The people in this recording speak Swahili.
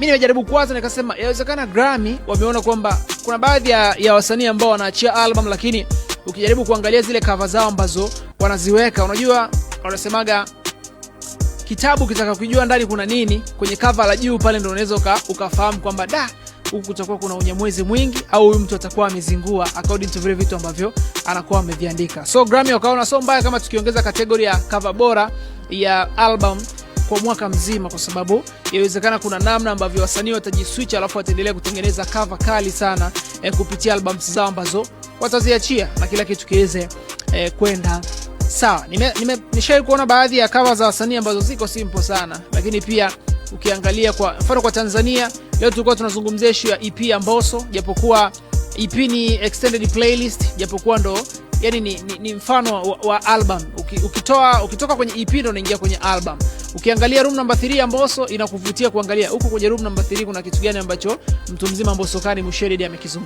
mi nimejaribu kwanza, nikasema yawezekana grami wameona kwamba kuna baadhi ya, ya wasanii ambao wanaachia album, lakini ukijaribu kuangalia zile cover zao ambazo wanaziweka, unajua wanasemaga kitabu kitaka kujua ndani kuna nini, kwenye cover la juu pale ndio unaweza ukafahamu kwamba da huku kutakuwa kuna unyamwezi mwingi au huyu mtu atakuwa amezingua according to vile vitu ambavyo anakuwa ameviandika. So grami wakaona so mbaya kama tukiongeza kategori ya cover bora ya album kwa mwaka mzima, kwa sababu inawezekana kuna namna ambavyo wasanii watajiswitch, alafu wataendelea kutengeneza cover kali sana eh, kupitia albums zao ambazo wataziachia na kila kitu kiweze eh, kwenda sawa. Nishawai kuona baadhi ya cover za wasanii ambazo ziko simple sana, lakini pia ukiangalia kwa mfano kwa Tanzania leo tulikuwa tunazungumzia issue ya EP ya Mbosso, japokuwa EP ni extended playlist, japokuwa ndo yani ni, ni, ni mfano wa, wa album. Ukitoa ukitoka kwenye EP ndo unaingia kwenye album. Ukiangalia room number 3 ya Mbosso inakuvutia kuangalia huku kwenye room number 3 kuna kitu gani ambacho mtu mzima Mbosso Kani Mushedid amekizungumza.